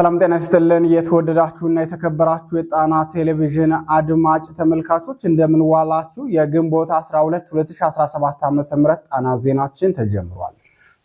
ሰላም ጤና ይስጥልን። የተወደዳችሁና የተከበራችሁ የጣና ቴሌቪዥን አድማጭ ተመልካቾች እንደምንዋላችሁ። የግንቦት 12 2017 ዓ.ም ጣና ዜናችን ተጀምሯል።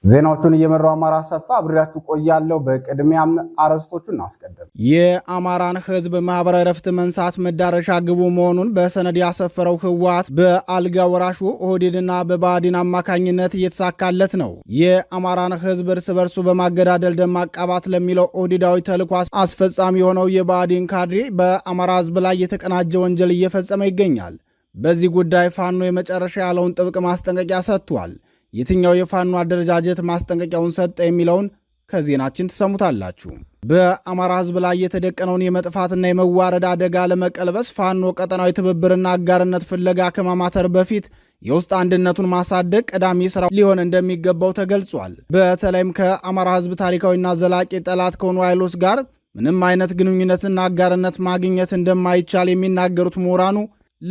ዜናዎቹን እየመራው አማራ ሰፋ አብሬያችሁ ቆያለሁ። በቅድሚያም አርዕስቶቹን አስቀድም። የአማራን ሕዝብ ማህበራዊ ረፍት መንሳት መዳረሻ ግቡ መሆኑን በሰነድ ያሰፈረው ህወሓት በአልጋ ወራሹ ኦህዴድና በባዲን አማካኝነት እየተሳካለት ነው። የአማራን ሕዝብ እርስ በርሱ በማገዳደል ደም ማቃባት ለሚለው ኦህዴዳዊ ተልዕኮ አስፈጻሚ የሆነው የባዲን ካድሬ በአማራ ሕዝብ ላይ የተቀናጀ ወንጀል እየፈጸመ ይገኛል። በዚህ ጉዳይ ፋኖ የመጨረሻ ያለውን ጥብቅ ማስጠንቀቂያ ሰጥቷል። የትኛው የፋኖ አደረጃጀት ማስጠንቀቂያውን ሰጠ የሚለውን ከዜናችን ትሰሙታላችሁ። በአማራ ሕዝብ ላይ የተደቀነውን የመጥፋትና የመዋረድ አደጋ ለመቀልበስ ፋኖ ቀጠናዊ ትብብርና አጋርነት ፍለጋ ከማማተር በፊት የውስጥ አንድነቱን ማሳደግ ቀዳሚ ስራ ሊሆን እንደሚገባው ተገልጿል። በተለይም ከአማራ ሕዝብ ታሪካዊና ዘላቂ ጠላት ከሆኑ ኃይሎች ጋር ምንም አይነት ግንኙነትና አጋርነት ማግኘት እንደማይቻል የሚናገሩት ምሁራኑ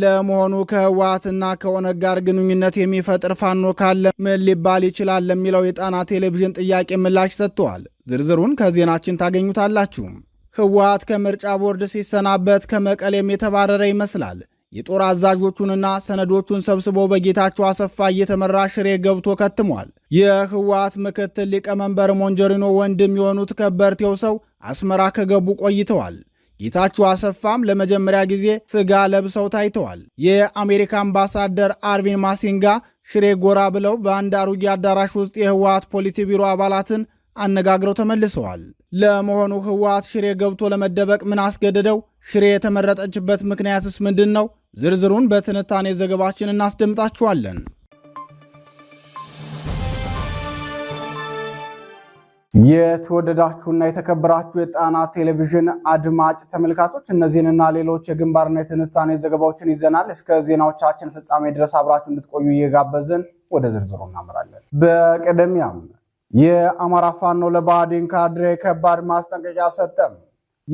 ለመሆኑ ከህወሓትና ከኦነግ ጋር ግንኙነት የሚፈጥር ፋኖ ካለ ምን ሊባል ይችላል? ለሚለው የጣና ቴሌቪዥን ጥያቄ ምላሽ ሰጥተዋል። ዝርዝሩን ከዜናችን ታገኙታላችሁ። ህወሓት ከምርጫ ቦርድ ሲሰናበት ከመቀሌም የተባረረ ይመስላል። የጦር አዛዦቹንና ሰነዶቹን ሰብስቦ በጌታቸው አሰፋ እየተመራ ሽሬ ገብቶ ከትሟል። የህወሓት ምክትል ሊቀመንበር ሞንጀሪኖ ወንድም የሆኑት ከበርቴው ሰው አስመራ ከገቡ ቆይተዋል። ጌታቸው አሰፋም ለመጀመሪያ ጊዜ ስጋ ለብሰው ታይተዋል። የአሜሪካ አምባሳደር አርቪን ማሲንጋ ሽሬ ጎራ ብለው በአንድ አሮጌ አዳራሽ ውስጥ የህወሀት ቢሮ አባላትን አነጋግረው ተመልሰዋል። ለመሆኑ ህወሀት ሽሬ ገብቶ ለመደበቅ ምን አስገደደው? ሽሬ የተመረጠችበት ምክንያትስ ምንድን ነው? ዝርዝሩን በትንታኔ ዘገባችን እናስደምጣችኋለን። የተወደዳችሁና የተከበራችሁ የጣና ቴሌቪዥን አድማጭ ተመልካቾች እነዚህንና ሌሎች የግንባርና የትንታኔ ዘገባዎችን ይዘናል። እስከ ዜናዎቻችን ፍጻሜ ድረስ አብራችሁ እንድትቆዩ እየጋበዝን ወደ ዝርዝሩ እናመራለን። በቅድሚያም የአማራ ፋኖ ለባዴን ካድሬ ከባድ ማስጠንቀቂያ ሰጠም።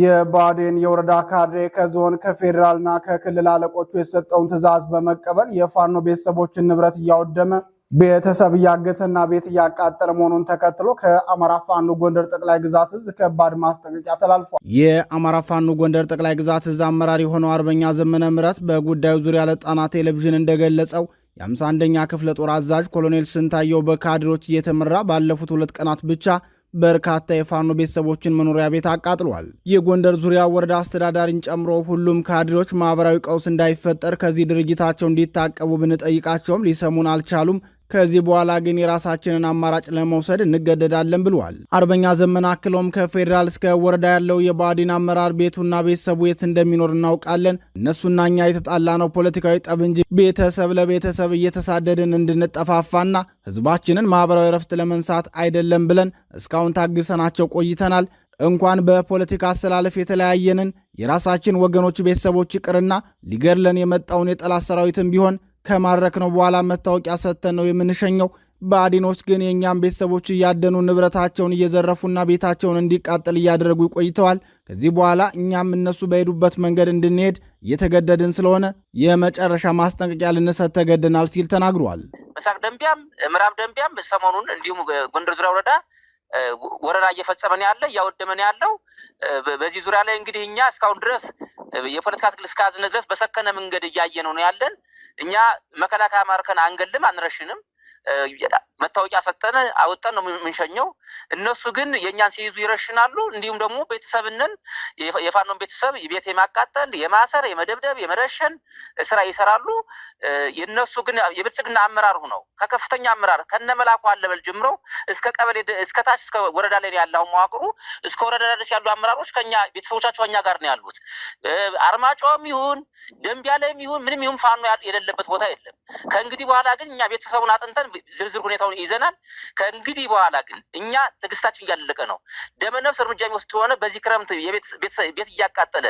የባዴን የወረዳ ካድሬ ከዞን ከፌዴራልና ከክልል አለቆቹ የሰጠውን ትዕዛዝ በመቀበል የፋኖ ቤተሰቦችን ንብረት እያወደመ ቤተሰብ እያገተና ቤት እያቃጠለ መሆኑን ተከትሎ ከአማራ ፋኖ ጎንደር ጠቅላይ ግዛት እዝ ከባድ ማስጠንቀቂያ ተላልፏል። የአማራ ፋኖ ጎንደር ጠቅላይ ግዛት እዝ አመራር የሆነው አርበኛ ዘመነ ምረት በጉዳዩ ዙሪያ ለጣና ቴሌቪዥን እንደገለጸው የ51ኛ ክፍለ ጦር አዛዥ ኮሎኔል ስንታየው በካድሮች እየተመራ ባለፉት ሁለት ቀናት ብቻ በርካታ የፋኖ ቤተሰቦችን መኖሪያ ቤት አቃጥሏል። የጎንደር ዙሪያ ወረዳ አስተዳዳሪን ጨምሮ ሁሉም ካድሬዎች ማህበራዊ ቀውስ እንዳይፈጠር ከዚህ ድርጅታቸው እንዲታቀቡ ብንጠይቃቸውም ሊሰሙን አልቻሉም። ከዚህ በኋላ ግን የራሳችንን አማራጭ ለመውሰድ እንገደዳለን ብሏል። አርበኛ ዘመን አክሎም ከፌዴራል እስከ ወረዳ ያለው የባዲን አመራር ቤቱና ቤተሰቡ የት እንደሚኖር እናውቃለን። እነሱና እኛ የተጣላ ነው ፖለቲካዊ ጠብ እንጂ ቤተሰብ ለቤተሰብ እየተሳደድን እንድንጠፋፋና ህዝባችንን ማህበራዊ ረፍት ለመንሳት አይደለም ብለን እስካሁን ታግሰናቸው ቆይተናል። እንኳን በፖለቲካ አሰላለፍ የተለያየንን የራሳችን ወገኖች ቤተሰቦች ይቅርና ሊገድለን የመጣውን የጠላት ሰራዊትም ቢሆን ከማድረክ ነው በኋላ መታወቂያ ሰጥተን ነው የምንሸኘው። በአዲኖች ግን የእኛም ቤተሰቦች እያደኑ ንብረታቸውን እየዘረፉና ቤታቸውን እንዲቃጠል እያደረጉ ቆይተዋል። ከዚህ በኋላ እኛም እነሱ በሄዱበት መንገድ እንድንሄድ እየተገደድን ስለሆነ የመጨረሻ ማስጠንቀቂያ ልንሰጥ ተገደናል ሲል ተናግሯል። ምስራቅ ደንቢያም ምዕራብ ደንቢያም ሰሞኑን እንዲሁም ጎንደር ዙሪያ ወረዳ ወረራ እየፈጸመን ያለ እያወደመን ያለው በዚህ ዙሪያ ላይ እንግዲህ እኛ እስካሁን ድረስ የፖለቲካ ትግል እስከያዝን ድረስ በሰከነ መንገድ እያየ ነው ያለን እኛ መከላከያ ማርከን አንገልም፣ አንረሽንም። መታወቂያ ሰጠን አወጣን ነው የምንሸኘው። እነሱ ግን የእኛን ሲይዙ ይረሽናሉ። እንዲሁም ደግሞ ቤተሰብንን የፋኖን ቤተሰብ ቤት የማቃጠል የማሰር፣ የመደብደብ፣ የመረሸን ስራ ይሰራሉ። የእነሱ ግን የብልጽግና አመራር ሁነው ከከፍተኛ አመራር ከነ መላኩ አለበል ጀምረው እስከ ቀበሌ እስከ ታች እስከ ወረዳ ላይ ያለው መዋቅሩ እስከ ወረዳ ድረስ ያሉ አመራሮች ከኛ ቤተሰቦቻቸው ከኛ ጋር ነው ያሉት። አርማጮም ይሁን ደንቢያ ላይም ይሁን ምንም ይሁን ፋኖ የሌለበት ቦታ የለም። ከእንግዲህ በኋላ ግን እኛ ቤተሰቡን አጥንተን ዝርዝር ሁኔታው እርምጃውን ይዘናል። ከእንግዲህ በኋላ ግን እኛ ትዕግስታችን እያለቀ ነው። ደመነፍስ እርምጃ የሚወስድ ከሆነ በዚህ ክረምት ቤት እያቃጠለ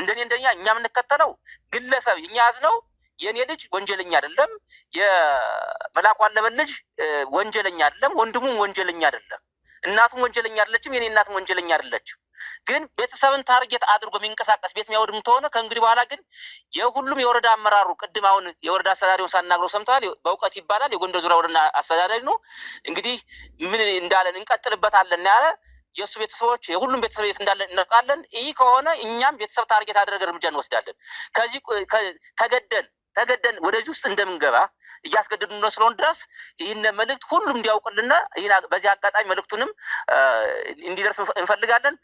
እንደኔ እንደኛ እኛ የምንከተለው ግለሰብ እኛ ነው የእኔ ልጅ ወንጀለኛ አይደለም፣ የመላኩ አለበን ልጅ ወንጀለኛ አይደለም፣ ወንድሙም ወንጀለኛ አይደለም፣ እናቱም ወንጀለኛ አይደለችም፣ የኔ እናትም ወንጀለኛ አይደለችም። ግን ቤተሰብን ታርጌት አድርጎ የሚንቀሳቀስ ቤት የሚያወድም ከሆነ ከእንግዲህ በኋላ ግን የሁሉም የወረዳ አመራሩ ቅድም አሁን የወረዳ አስተዳዳሪውን ሳናግረው ሰምተዋል። በእውቀት ይባላል የጎንደር ዙሪያ ወረዳ አስተዳዳሪ ነው። እንግዲህ ምን እንዳለን እንቀጥልበታለን ያለ የእሱ ቤተሰቦች የሁሉም ቤተሰብ ቤት እንዳለን እናውቃለን። ይህ ከሆነ እኛም ቤተሰብ ታርጌት አድረገ እርምጃ እንወስዳለን። ከዚህ ተገደን ተገደን ወደዚህ ውስጥ እንደምንገባ እያስገደዱ ነው ስለሆን ድረስ ይህን መልእክት ሁሉም እንዲያውቅልና በዚህ አጋጣሚ መልእክቱንም እንዲደርስ እንፈልጋለን።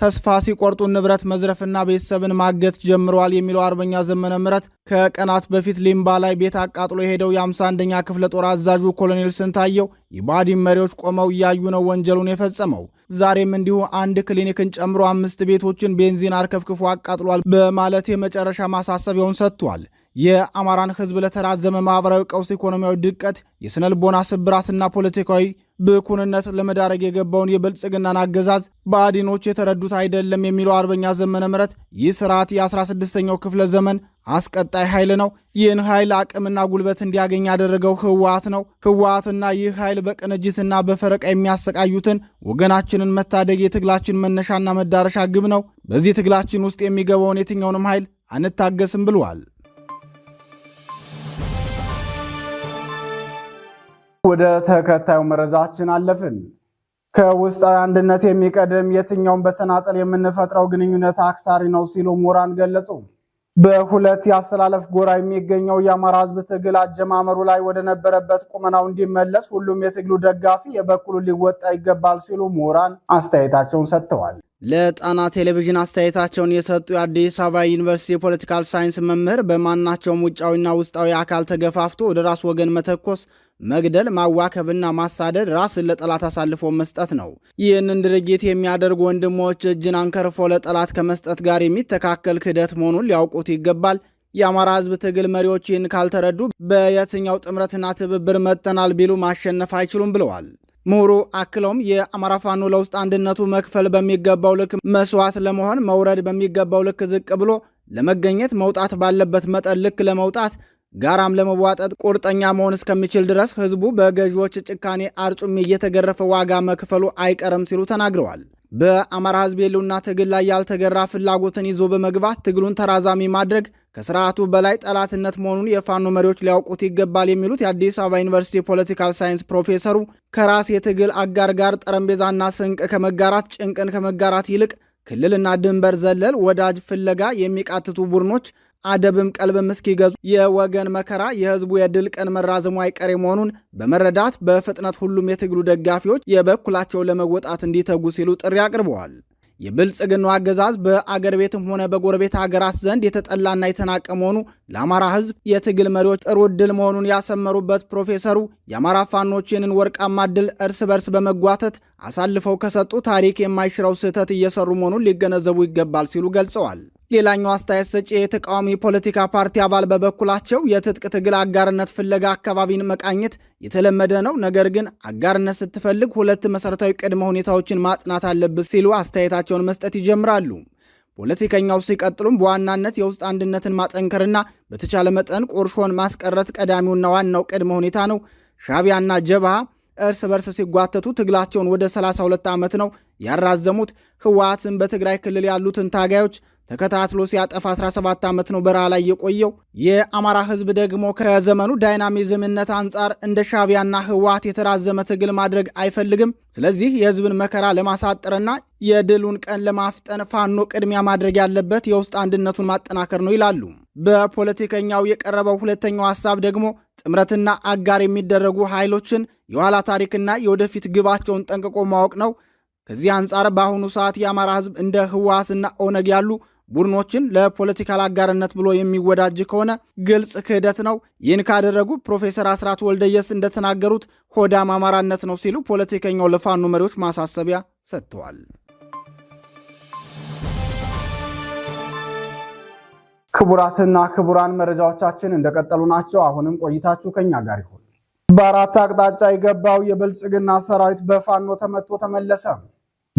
ተስፋ ሲቆርጡ ንብረት መዝረፍና ቤተሰብን ማገት ጀምረዋል የሚለው አርበኛ ዘመነ ምረት ከቀናት በፊት ሊምባ ላይ ቤት አቃጥሎ የሄደው የ51ኛ ክፍለ ጦር አዛዡ ኮሎኔል ስንታየው የባዲን መሪዎች ቆመው እያዩ ነው ወንጀሉን የፈጸመው። ዛሬም እንዲሁ አንድ ክሊኒክን ጨምሮ አምስት ቤቶችን ቤንዚን አርከፍክፎ አቃጥሏል በማለት የመጨረሻ ማሳሰቢያውን ሰጥቷል። የአማራን ሕዝብ ለተራዘመ ማኅበራዊ ቀውስ፣ ኢኮኖሚያዊ ድቀት፣ የስነልቦና ስብራትና ፖለቲካዊ ብኩንነት ለመዳረግ የገባውን የብልጽግናን አገዛዝ በአዲኖች የተረዱት አይደለም የሚለው አርበኛ ዘመነ ምረት ይህ ስርዓት የ16ኛው ክፍለ ዘመን አስቀጣይ ኃይል ነው። ይህን ኃይል አቅምና ጉልበት እንዲያገኝ ያደረገው ህወሓት ነው። ህወሓትና ይህ ኃይል በቅንጅትና በፈረቃ የሚያሰቃዩትን ወገናችንን መታደግ የትግላችን መነሻና መዳረሻ ግብ ነው። በዚህ ትግላችን ውስጥ የሚገባውን የትኛውንም ኃይል አንታገስም ብለዋል። ወደ ተከታዩ መረጃችን አለፍን። ከውስጣዊ አንድነት የሚቀድም የትኛውን በተናጠል የምንፈጥረው ግንኙነት አክሳሪ ነው ሲሉ ምሁራን ገለጹ። በሁለት የአሰላለፍ ጎራ የሚገኘው የአማራ ሕዝብ ትግል አጀማመሩ ላይ ወደ ነበረበት ቁመናው እንዲመለስ ሁሉም የትግሉ ደጋፊ የበኩሉ ሊወጣ ይገባል ሲሉ ምሁራን አስተያየታቸውን ሰጥተዋል። ለጣና ቴሌቪዥን አስተያየታቸውን የሰጡ የአዲስ አበባ ዩኒቨርሲቲ የፖለቲካል ሳይንስ መምህር በማናቸውም ውጫዊና ውስጣዊ አካል ተገፋፍቶ ወደ ራስ ወገን መተኮስ መግደል፣ ማዋከብና ማሳደድ ራስን ለጠላት አሳልፎ መስጠት ነው። ይህንን ድርጊት የሚያደርጉ ወንድሞች እጅን አንከርፎ ለጠላት ከመስጠት ጋር የሚተካከል ክህደት መሆኑን ሊያውቁት ይገባል። የአማራ ሕዝብ ትግል መሪዎች ይህን ካልተረዱ በየትኛው ጥምረትና ትብብር መጥተናል ቢሉ ማሸነፍ አይችሉም ብለዋል። ምሁሩ አክለውም የአማራ ፋኖ ለውስጥ አንድነቱ መክፈል በሚገባው ልክ መስዋዕት ለመሆን መውረድ በሚገባው ልክ ዝቅ ብሎ ለመገኘት መውጣት ባለበት መጠን ልክ ለመውጣት ጋራም ለመዋጠጥ ቁርጠኛ መሆን እስከሚችል ድረስ ህዝቡ በገዢዎች ጭካኔ አርጩሜ እየተገረፈ ዋጋ መክፈሉ አይቀርም ሲሉ ተናግረዋል። በአማራ ህዝብ የህልውና ትግል ላይ ያልተገራ ፍላጎትን ይዞ በመግባት ትግሉን ተራዛሚ ማድረግ ከስርዓቱ በላይ ጠላትነት መሆኑን የፋኖ መሪዎች ሊያውቁት ይገባል የሚሉት የአዲስ አበባ ዩኒቨርሲቲ ፖለቲካል ሳይንስ ፕሮፌሰሩ ከራስ የትግል አጋር ጋር ጠረጴዛና ስንቅ ከመጋራት ጭንቅን ከመጋራት ይልቅ ክልልና ድንበር ዘለል ወዳጅ ፍለጋ የሚቃትቱ ቡድኖች አደብም ቀልብም እስኪገዙ የወገን መከራ የህዝቡ የድል ቀን መራዘሙ አይቀሬ መሆኑን በመረዳት በፍጥነት ሁሉም የትግሉ ደጋፊዎች የበኩላቸው ለመወጣት እንዲተጉ ሲሉ ጥሪ አቅርበዋል። የብልጽግናው አገዛዝ በአገር ቤትም ሆነ በጎረቤት ሀገራት ዘንድ የተጠላና የተናቀ መሆኑ ለአማራ ህዝብ የትግል መሪዎች ጥሩ እድል መሆኑን ያሰመሩበት ፕሮፌሰሩ የአማራ ፋኖች ይህንን ወርቃማ እድል እርስ በርስ በመጓተት አሳልፈው ከሰጡ ታሪክ የማይሽረው ስህተት እየሰሩ መሆኑን ሊገነዘቡ ይገባል ሲሉ ገልጸዋል። ሌላኛው አስተያየት ሰጪ የተቃዋሚ ፖለቲካ ፓርቲ አባል በበኩላቸው የትጥቅ ትግል አጋርነት ፍለጋ አካባቢን መቃኘት የተለመደ ነው፣ ነገር ግን አጋርነት ስትፈልግ ሁለት መሠረታዊ ቅድመ ሁኔታዎችን ማጽናት አለብህ ሲሉ አስተያየታቸውን መስጠት ይጀምራሉ። ፖለቲከኛው ሲቀጥሉም በዋናነት የውስጥ አንድነትን ማጠንከርና በተቻለ መጠን ቁርሾን ማስቀረት ቀዳሚውና ዋናው ቅድመ ሁኔታ ነው። ሻቢያና ጀብሃ እርስ በርስ ሲጓተቱ ትግላቸውን ወደ 32 ዓመት ነው ያራዘሙት። ህወሓትን በትግራይ ክልል ያሉትን ታጋዮች ተከታትሎ ሲያጠፋ 17 ዓመት ነው በረሃ ላይ የቆየው። የአማራ ህዝብ ደግሞ ከዘመኑ ዳይናሚዝምነት አንጻር እንደ ሻቢያና ህወሓት የተራዘመ ትግል ማድረግ አይፈልግም። ስለዚህ የህዝብን መከራ ለማሳጠርና የድሉን ቀን ለማፍጠን ፋኖ ቅድሚያ ማድረግ ያለበት የውስጥ አንድነቱን ማጠናከር ነው ይላሉ። በፖለቲከኛው የቀረበው ሁለተኛው ሀሳብ ደግሞ ጥምረትና አጋር የሚደረጉ ኃይሎችን የኋላ ታሪክና የወደፊት ግባቸውን ጠንቅቆ ማወቅ ነው። ከዚህ አንጻር በአሁኑ ሰዓት የአማራ ህዝብ እንደ ህወሓትና ኦነግ ያሉ ቡድኖችን ለፖለቲካል አጋርነት ብሎ የሚወዳጅ ከሆነ ግልጽ ክህደት ነው። ይህን ካደረጉ ፕሮፌሰር አስራት ወልደየስ እንደተናገሩት ሆዳም አማራነት ነው ሲሉ ፖለቲከኛው ለፋኖ መሪዎች ማሳሰቢያ ሰጥተዋል። ክቡራትና ክቡራን መረጃዎቻችን እንደቀጠሉ ናቸው። አሁንም ቆይታችሁ ከኛ ጋር ይሁን። በአራት አቅጣጫ የገባው የብልጽግና ሰራዊት በፋኖ ተመቶ ተመለሰ።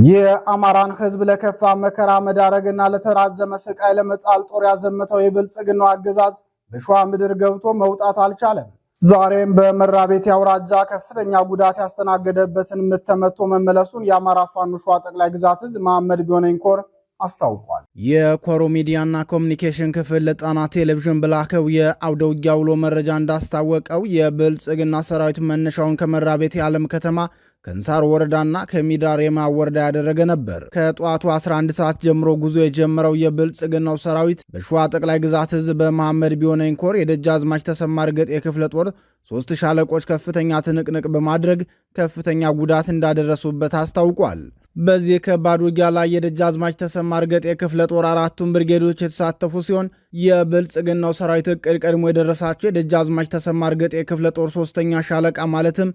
የአማራን ህዝብ ለከፋ መከራ መዳረግና ለተራዘመ ስቃይ ለመጣል ጦር ያዘመተው የብልጽግናው አገዛዝ በሸዋ ምድር ገብቶ መውጣት አልቻለም። ዛሬም በመራቤቴ አውራጃ ከፍተኛ ጉዳት ያስተናገደበትን ምት ተመቶ መመለሱን የአማራ ፋኖ ሸዋ ጠቅላይ ግዛት እዝ መሐመድ ቢሆነኝ ኮር አስታውቋል። የኮሮ ሚዲያና ኮሚኒኬሽን ክፍል ለጣና ቴሌቪዥን ብላከው የአውደ ውጊያ ውሎ መረጃ እንዳስታወቀው የብልጽግና ሰራዊት መነሻውን ከመራቤቴ ዓለም ከተማ ከእንሳር ወረዳና ከሚዳሬማ ወረዳ ያደረገ ነበር። ከጠዋቱ 11 ሰዓት ጀምሮ ጉዞ የጀመረው የብልጽግናው ሰራዊት በሸዋ ጠቅላይ ግዛት ህዝብ በመሐመድ ቢሆነኝ ኮር አዝማች ተሰማ እርገጥ የክፍለ ጦር ሶስት ሻለቆች ከፍተኛ ትንቅንቅ በማድረግ ከፍተኛ ጉዳት እንዳደረሱበት አስታውቋል። በዚህ ከባድ ውጊያ ላይ የደጃዝማች ተሰማ እርገጥ የክፍለ ጦር አራቱን ብርጌዶች የተሳተፉ ሲሆን የብልጽግናው ሰራዊት እቅድ ቀድሞ የደረሳቸው የደጃዝማች ተሰማ እርገጥ የክፍለ ጦር ሶስተኛ ሻለቃ ማለትም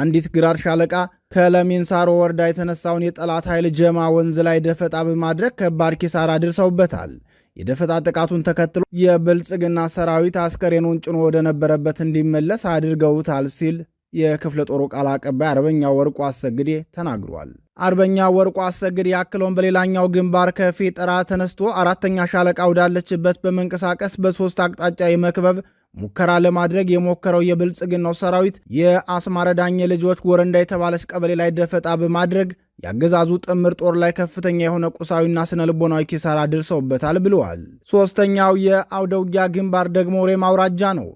አንዲት ግራር ሻለቃ ከለሚንሳሮ ወረዳ የተነሳውን የጠላት ኃይል ጀማ ወንዝ ላይ ደፈጣ በማድረግ ከባድ ኪሳራ አድርሰውበታል። የደፈጣ ጥቃቱን ተከትሎ የብልጽግና ሰራዊት አስከሬኑን ጭኖ ወደነበረበት እንዲመለስ አድርገውታል ሲል የክፍለ ጦሩ ቃል አቀባይ አርበኛ ወርቁ አሰግዴ ተናግሯል። አርበኛ ወርቁ አሰግድ ያክለውን በሌላኛው ግንባር ከፌጠራ ተነስቶ አራተኛ ሻለቃ ወዳለችበት በመንቀሳቀስ በሶስት አቅጣጫ የመክበብ ሙከራ ለማድረግ የሞከረው የብልጽግናው ሰራዊት የአስማረ ዳኘ ልጆች ወረንዳ የተባለች ቀበሌ ላይ ደፈጣ በማድረግ የአገዛዙ ጥምር ጦር ላይ ከፍተኛ የሆነ ቁሳዊና ስነ ልቦናዊ ኪሳራ ደርሰውበታል ብለዋል። ሶስተኛው የአውደውጊያ ግንባር ደግሞ ሬማ አውራጃ ነው።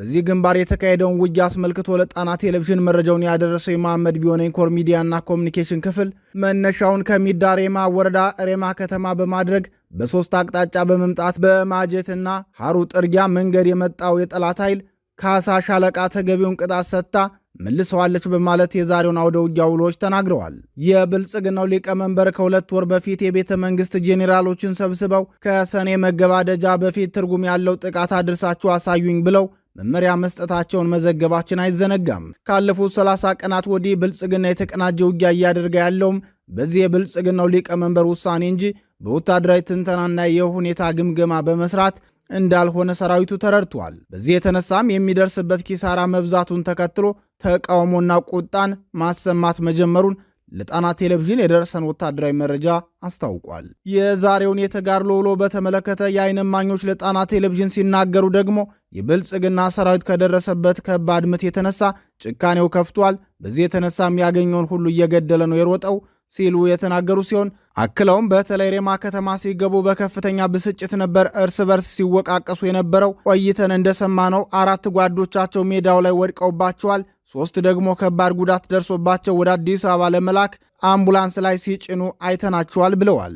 በዚህ ግንባር የተካሄደውን ውጊያ አስመልክቶ ለጣና ቴሌቪዥን መረጃውን ያደረሰው የመሐመድ ቢሆነኝ ኮር ሚዲያና ኮሚኒኬሽን ክፍል መነሻውን ከሚዳ ሬማ ወረዳ ሬማ ከተማ በማድረግ በሦስት አቅጣጫ በመምጣት በማጀትና ሐሩ ጥርጊያ መንገድ የመጣው የጠላት ኃይል ካሳ ሻለቃ ተገቢውን ቅጣት ሰጥታ መልሰዋለች በማለት የዛሬውን አውደ ውጊያ ውሎች ተናግረዋል። የብልጽግናው ሊቀመንበር ከሁለት ወር በፊት የቤተ መንግስት ጄኔራሎችን ሰብስበው ከሰኔ መገባደጃ በፊት ትርጉም ያለው ጥቃት አድርሳችሁ አሳዩኝ ብለው መመሪያ መስጠታቸውን መዘገባችን አይዘነጋም። ካለፉት 30 ቀናት ወዲህ ብልጽግና የተቀናጀ ውጊያ እያደረገ ያለውም በዚህ የብልጽግናው ሊቀመንበር ውሳኔ እንጂ በወታደራዊ ትንተናና የሁኔታ ግምገማ በመስራት እንዳልሆነ ሰራዊቱ ተረድቷል። በዚህ የተነሳም የሚደርስበት ኪሳራ መብዛቱን ተከትሎ ተቃውሞና ቁጣን ማሰማት መጀመሩን ለጣና ቴሌቪዥን የደረሰን ወታደራዊ መረጃ አስታውቋል። የዛሬውን የተጋድሎ ውሎ በተመለከተ የዓይን እማኞች ለጣና ቴሌቪዥን ሲናገሩ ደግሞ የብልጽግና ሰራዊት ከደረሰበት ከባድ ምት የተነሳ ጭካኔው ከፍቷል። በዚህ የተነሳም ያገኘውን ሁሉ እየገደለ ነው የሮጠው ሲሉ የተናገሩ ሲሆን አክለውም በተለይ ሬማ ከተማ ሲገቡ በከፍተኛ ብስጭት ነበር እርስ በርስ ሲወቃቀሱ የነበረው። ቆይተን እንደሰማነው አራት ጓዶቻቸው ሜዳው ላይ ወድቀውባቸዋል። ሶስት ደግሞ ከባድ ጉዳት ደርሶባቸው ወደ አዲስ አበባ ለመላክ አምቡላንስ ላይ ሲጭኑ አይተናቸዋል ብለዋል።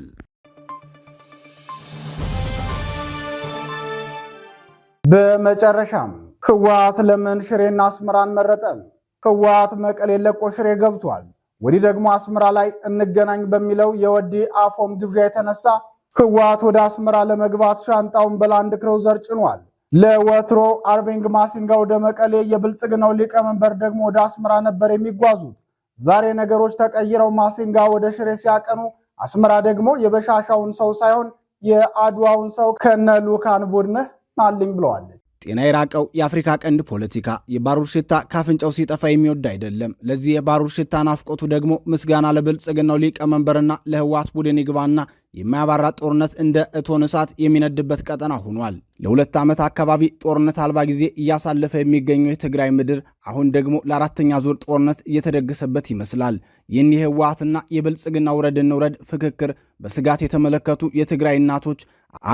በመጨረሻም ህወሓት ለምን ሽሬና አስመራን መረጠ? ህወሓት መቀሌ ለቆ ሽሬ ገብቷል። ወዲህ ደግሞ አስመራ ላይ እንገናኝ በሚለው የወዲ አፎም ግብዣ የተነሳ ህወሓት ወደ አስመራ ለመግባት ሻንጣውን በላንድ ክሮዘር ጭኗል። ለወትሮ አርቬንግ ማሲንጋ ወደ መቀሌ፣ የብልጽግናው ሊቀመንበር ደግሞ ወደ አስመራ ነበር የሚጓዙት። ዛሬ ነገሮች ተቀይረው ማሲንጋ ወደ ሽሬ ሲያቀኑ፣ አስመራ ደግሞ የበሻሻውን ሰው ሳይሆን የአድዋውን ሰው ከነ ልዑካን ቡድንህ ናልኝ ብለዋለች። ጤና የራቀው የአፍሪካ ቀንድ ፖለቲካ የባሩር ሽታ ካፍንጫው ሲጠፋ የሚወድ አይደለም። ለዚህ የባሩር ሽታ ናፍቆቱ ደግሞ ምስጋና ለብልጽግናው ሊቀመንበርና ለህወሓት ቡድን ይግባና የማያባራ ጦርነት እንደ እቶን እሳት የሚነድበት ቀጠና ሆኗል። ለሁለት ዓመት አካባቢ ጦርነት አልባ ጊዜ እያሳለፈ የሚገኘው የትግራይ ምድር አሁን ደግሞ ለአራተኛ ዙር ጦርነት እየተደገሰበት ይመስላል። ይህን የህወሓትና የብልጽግና ውረድን ውረድ ፍክክር በስጋት የተመለከቱ የትግራይ እናቶች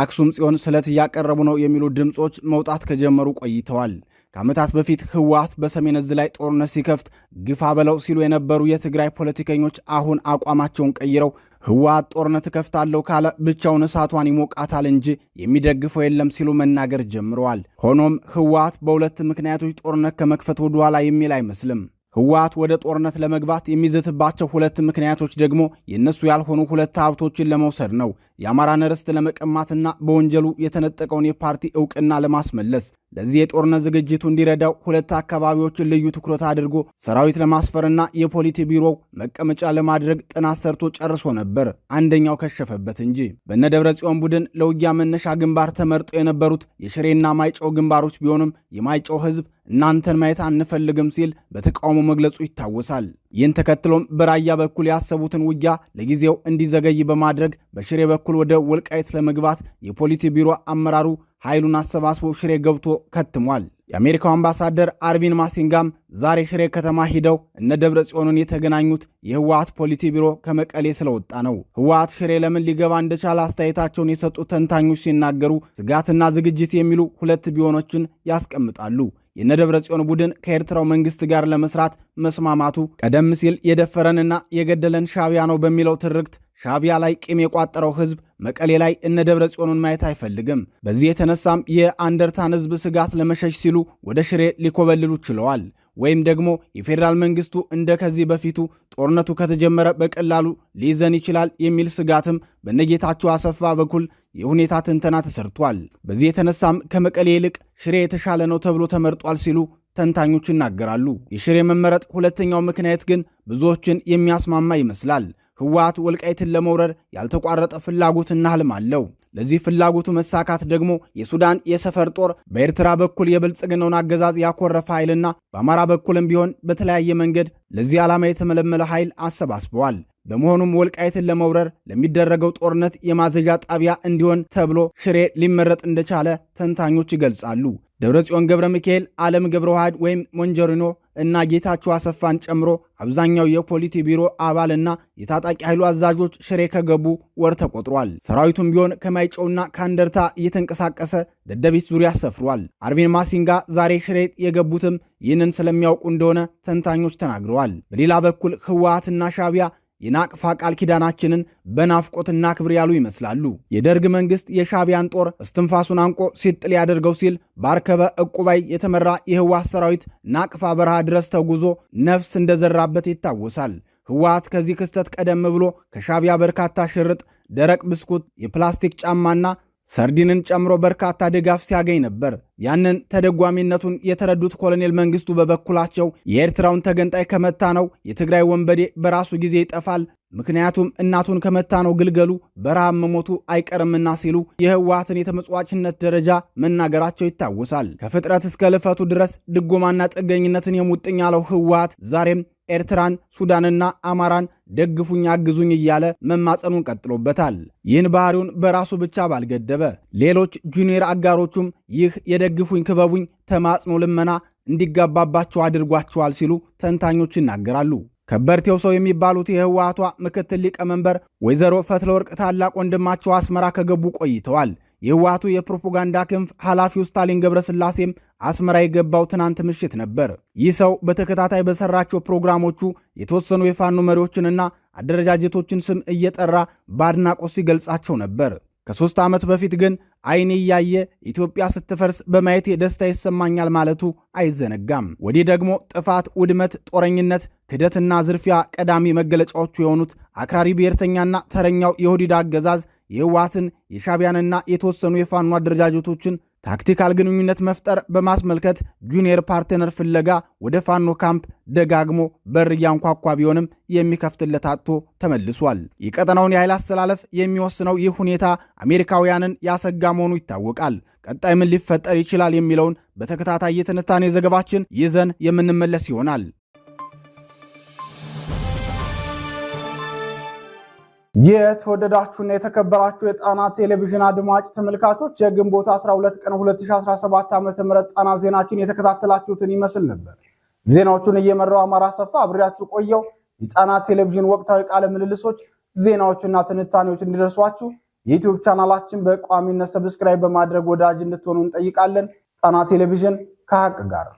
አክሱም ጽዮን ስለት እያቀረቡ ነው የሚሉ ድምፆች መውጣት ከጀመሩ ቆይተዋል። ከዓመታት በፊት ህወሓት በሰሜን እዝ ላይ ጦርነት ሲከፍት ግፋ በለው ሲሉ የነበሩ የትግራይ ፖለቲከኞች አሁን አቋማቸውን ቀይረው ህወሓት ጦርነት እከፍታለሁ ካለ ብቻውን እሳቷን ይሞቃታል እንጂ የሚደግፈው የለም ሲሉ መናገር ጀምረዋል። ሆኖም ህወሓት በሁለት ምክንያቶች ጦርነት ከመክፈት ወደኋላ የሚል አይመስልም። ህወሓት ወደ ጦርነት ለመግባት የሚዘትባቸው ሁለት ምክንያቶች ደግሞ የእነሱ ያልሆኑ ሁለት ሀብቶችን ለመውሰድ ነው። የአማራን ርስት ለመቀማትና በወንጀሉ የተነጠቀውን የፓርቲ እውቅና ለማስመለስ ለዚህ የጦርነት ዝግጅቱ እንዲረዳው ሁለት አካባቢዎችን ልዩ ትኩረት አድርጎ ሰራዊት ለማስፈርና የፖሊት ቢሮ መቀመጫ ለማድረግ ጥናት ሰርቶ ጨርሶ ነበር። አንደኛው ከሸፈበት እንጂ በነ ደብረ ጽዮን ቡድን ለውጊያ መነሻ ግንባር ተመርጦ የነበሩት የሽሬና ማይጨው ግንባሮች ቢሆንም የማይጨው ህዝብ እናንተን ማየት አንፈልግም ሲል በተቃውሞ መግለጹ ይታወሳል። ይህን ተከትሎም በራያ በኩል ያሰቡትን ውጊያ ለጊዜው እንዲዘገይ በማድረግ በሽሬ በኩል ወደ ወልቃይት ለመግባት የፖሊት ቢሮ አመራሩ ኃይሉን አሰባስቦ ሽሬ ገብቶ ከትሟል። የአሜሪካው አምባሳደር አርቪን ማሲንጋም ዛሬ ሽሬ ከተማ ሂደው እነ ደብረ ጽዮንን የተገናኙት የህወሀት ፖሊቲ ቢሮ ከመቀሌ ስለወጣ ነው። ህወሀት ሽሬ ለምን ሊገባ እንደቻለ አስተያየታቸውን የሰጡ ተንታኞች ሲናገሩ ስጋትና ዝግጅት የሚሉ ሁለት ቢሆኖችን ያስቀምጣሉ። የነደብረ ጽዮን ቡድን ከኤርትራው መንግስት ጋር ለመስራት መስማማቱ ቀደም ሲል የደፈረንና የገደለን ሻቢያ ነው በሚለው ትርክት ሻቢያ ላይ ቂም የቋጠረው ህዝብ መቀሌ ላይ እነ ደብረ ጽዮኑን ማየት አይፈልግም። በዚህ የተነሳም የአንደርታን ህዝብ ስጋት ለመሸሽ ሲሉ ወደ ሽሬ ሊኮበልሉ ችለዋል። ወይም ደግሞ የፌዴራል መንግስቱ እንደ ከዚህ በፊቱ ጦርነቱ ከተጀመረ በቀላሉ ሊይዘን ይችላል የሚል ስጋትም በነጌታቸው አሰፋ በኩል የሁኔታ ትንተና ተሰርቷል። በዚህ የተነሳም ከመቀሌ ይልቅ ሽሬ የተሻለ ነው ተብሎ ተመርጧል ሲሉ ተንታኞች ይናገራሉ። የሽሬ መመረጥ ሁለተኛው ምክንያት ግን ብዙዎችን የሚያስማማ ይመስላል። ህወሓት ወልቃይትን ለመውረር ያልተቋረጠ ፍላጎትና ህልም አለው። ለዚህ ፍላጎቱ መሳካት ደግሞ የሱዳን የሰፈር ጦር በኤርትራ በኩል የብልጽግናውን አገዛዝ ያኮረፈ ኃይልና በአማራ በኩልም ቢሆን በተለያየ መንገድ ለዚህ ዓላማ የተመለመለ ኃይል አሰባስበዋል። በመሆኑም ወልቃይትን ለመውረር ለሚደረገው ጦርነት የማዘዣ ጣቢያ እንዲሆን ተብሎ ሽሬ ሊመረጥ እንደቻለ ተንታኞች ይገልጻሉ። ጽዮን ገብረ ሚካኤል፣ ዓለም ገብረ ዋህድ ወይም ሞንጀሪኖ እና ጌታቸው አሰፋን ጨምሮ አብዛኛው የፖሊቲ ቢሮ አባልና የታጣቂ ኃይሉ አዛዦች ሽሬ ከገቡ ወር ተቆጥሯል። ሰራዊቱም ቢሆን ከማይጨውና ከአንደርታ እየተንቀሳቀሰ ደደቢት ዙሪያ ሰፍሯል። አርቪን ማሲንጋ ዛሬ ሽሬ የገቡትም ይህንን ስለሚያውቁ እንደሆነ ተንታኞች ተናግረዋል። ብለዋል። በሌላ በኩል ህወሓትና ሻቢያ የናቅፋ ቃል ኪዳናችንን በናፍቆትና ክብር ያሉ ይመስላሉ። የደርግ መንግስት የሻቢያን ጦር እስትንፋሱን አንቆ ሲጥል ያደርገው ሲል ባርከበ እቁባይ የተመራ የህወሓት ሰራዊት ናቅፋ በረሃ ድረስ ተጉዞ ነፍስ እንደዘራበት ይታወሳል። ህወሓት ከዚህ ክስተት ቀደም ብሎ ከሻቢያ በርካታ ሽርጥ፣ ደረቅ ብስኩት፣ የፕላስቲክ ጫማና ሰርዲንን ጨምሮ በርካታ ድጋፍ ሲያገኝ ነበር። ያንን ተደጓሚነቱን የተረዱት ኮሎኔል መንግስቱ በበኩላቸው የኤርትራውን ተገንጣይ ከመታ ነው የትግራይ ወንበዴ በራሱ ጊዜ ይጠፋል፣ ምክንያቱም እናቱን ከመታ ነው ግልገሉ በረሃብ መሞቱ አይቀርምና ሲሉ የህወሓትን የተመጽዋችነት ደረጃ መናገራቸው ይታወሳል። ከፍጥረት እስከ ልፈቱ ድረስ ድጎማና ጥገኝነትን የሙጥኝ ያለው ህወሓት ዛሬም ኤርትራን፣ ሱዳንና አማራን ደግፉኝ፣ አግዙኝ እያለ መማጸኑን ቀጥሎበታል። ይህን ባህሪውን በራሱ ብቻ ባልገደበ ሌሎች ጁኒየር አጋሮቹም ይህ የደግፉኝ ክበቡኝ ተማጽኖ ልመና እንዲጋባባቸው አድርጓቸዋል ሲሉ ተንታኞች ይናገራሉ። ከበርቴው ሰው የሚባሉት የህወሓቷ ምክትል ሊቀመንበር ወይዘሮ ፈትለወርቅ ታላቅ ወንድማቸው አስመራ ከገቡ ቆይተዋል። የህወሓቱ የፕሮፓጋንዳ ክንፍ ኃላፊው ስታሊን ገብረስላሴም አስመራ የገባው ትናንት ምሽት ነበር። ይህ ሰው በተከታታይ በሰራቸው ፕሮግራሞቹ የተወሰኑ የፋኖ መሪዎችንና አደረጃጀቶችን ስም እየጠራ በአድናቆት ሲገልጻቸው ነበር። ከሦስት ዓመት በፊት ግን አይኔ እያየ ኢትዮጵያ ስትፈርስ በማየት ደስታ ይሰማኛል ማለቱ አይዘነጋም። ወዲህ ደግሞ ጥፋት፣ ውድመት፣ ጦረኝነት፣ ክደትና ዝርፊያ ቀዳሚ መገለጫዎቹ የሆኑት አክራሪ ብሔርተኛና ተረኛው የሆዲድ አገዛዝ የህወሓትን የሻቢያንና የተወሰኑ የፋኖ አደረጃጀቶችን ታክቲካል ግንኙነት መፍጠር በማስመልከት ጁኒየር ፓርትነር ፍለጋ ወደ ፋኖ ካምፕ ደጋግሞ በር እያንኳኳ ቢሆንም የሚከፍትለት አጥቶ ተመልሷል። የቀጠናውን የኃይል አስተላለፍ የሚወስነው ይህ ሁኔታ አሜሪካውያንን ያሰጋ መሆኑ ይታወቃል። ቀጣይ ምን ሊፈጠር ይችላል የሚለውን በተከታታይ የትንታኔ ዘገባችን ይዘን የምንመለስ ይሆናል። የተወደዳችሁና የተከበራችሁ የጣና ቴሌቪዥን አድማጭ ተመልካቾች የግንቦት 12 ቀን 2017 ም ጣና ዜናችን የተከታተላችሁትን ይመስል ነበር። ዜናዎቹን እየመራው አማራ ሰፋ አብሬያችሁ ቆየው። የጣና ቴሌቪዥን ወቅታዊ ቃለ ምልልሶች፣ ዜናዎችና ትንታኔዎች እንዲደርሷችሁ የዩቲዩብ ቻናላችን በቋሚነት ሰብስክራይብ በማድረግ ወዳጅ እንድትሆኑ እንጠይቃለን። ጣና ቴሌቪዥን ከሀቅ ጋር